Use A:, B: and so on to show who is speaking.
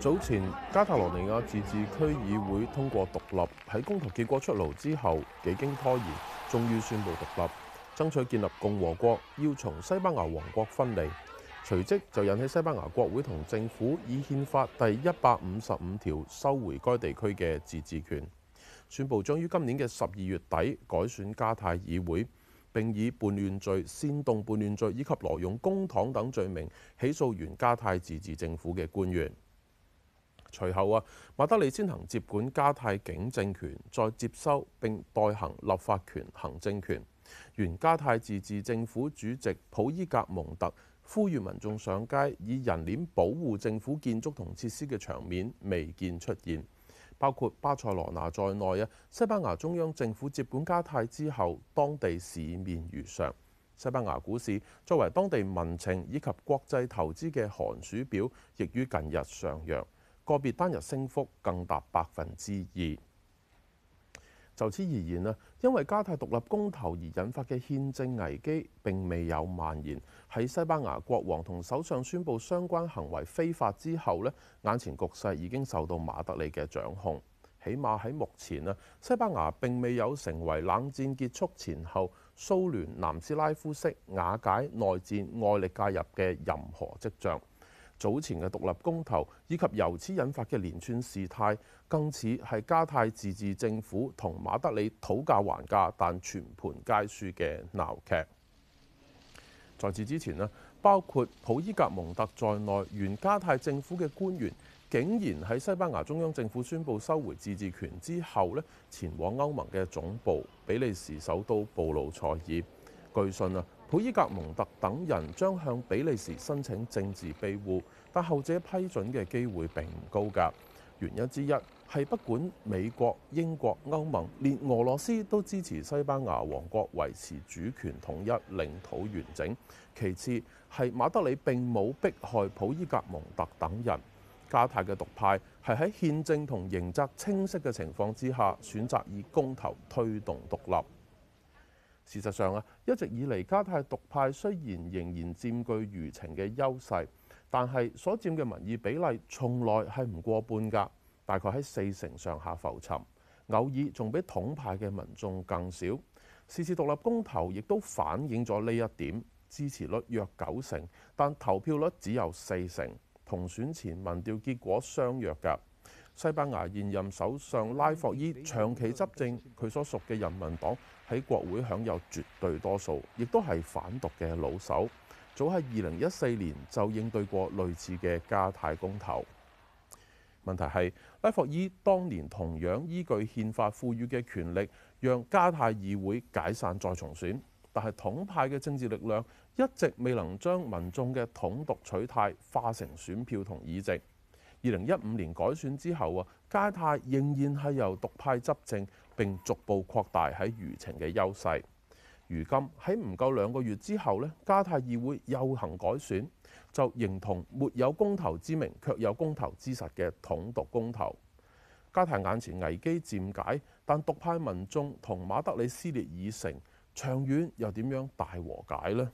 A: 早前，加泰羅尼亞自治區議會通過獨立喺公投結果出爐之後，幾經拖延，終於宣布獨立，爭取建立共和國，要從西班牙王國分離。隨即就引起西班牙國會同政府以憲法第一百五十五條收回該地區嘅自治權。宣佈將於今年嘅十二月底改選加泰議會，並以叛亂罪、煽動叛亂罪以及挪用公帑等罪名起訴原加泰自治政府嘅官員。隨後啊，馬德里先行接管加泰警政權，再接收並代行立法權、行政權。原加泰自治政府主席普伊格蒙特呼籲民眾上街以人鏈保護政府建築同設施嘅場面未見出現，包括巴塞羅那在內啊，西班牙中央政府接管加泰之後，當地市面如常。西班牙股市作為當地民情以及國際投資嘅寒暑表，亦於近日上揚。個別單日升幅更達百分之二。就此而言啊，因為加泰獨立公投而引發嘅憲政危機並未有蔓延。喺西班牙國王同首相宣布相關行為非法之後咧，眼前局勢已經受到馬德里嘅掌控。起碼喺目前啊，西班牙並未有成為冷戰結束前後蘇聯南斯拉夫式瓦解內戰外力介入嘅任何跡象。早前嘅獨立公投以及由此引發嘅連串事態，更似係加泰自治政府同馬德里討價還價，但全盤皆輸嘅鬧劇。在此之前咧，包括普伊格蒙特在內，原加泰政府嘅官員，竟然喺西班牙中央政府宣布收回自治權之後咧，前往歐盟嘅總部比利時首都布魯塞爾。據信啊，普伊格蒙特等人將向比利時申請政治庇護，但後者批准嘅機會並唔高㗎。原因之一係不管美國、英國、歐盟，連俄羅斯都支持西班牙王國維持主權統一、領土完整。其次係馬德里並冇迫害普伊格蒙特等人，加泰嘅獨派係喺憲政同刑責清晰嘅情況之下，選擇以公投推動獨立。事實上啊，一直以嚟，加泰獨派雖然仍然佔據輿情嘅優勢，但係所佔嘅民意比例從來係唔過半㗎，大概喺四成上下浮沉，偶爾仲比統派嘅民眾更少。是次獨立公投亦都反映咗呢一點，支持率約九成，但投票率只有四成，同選前民調結果相若㗎。西班牙現任首相拉霍伊長期執政，佢所屬嘅人民黨喺國會享有絕對多數，亦都係反獨嘅老手，早喺二零一四年就應對過類似嘅加泰公投。問題係拉霍伊當年同樣依據憲法賦予嘅權力，讓加泰議會解散再重選，但係統派嘅政治力量一直未能將民眾嘅統獨取態化成選票同議席。二零一五年改選之後啊，加泰仍然係由獨派執政，並逐步擴大喺輿情嘅優勢。如今喺唔夠兩個月之後呢，加泰議會又行改選，就形同沒有公投之名，卻有公投之實嘅統獨公投。加泰眼前危機漸解，但獨派民眾同馬德里撕裂已成，長遠又點樣大和解呢？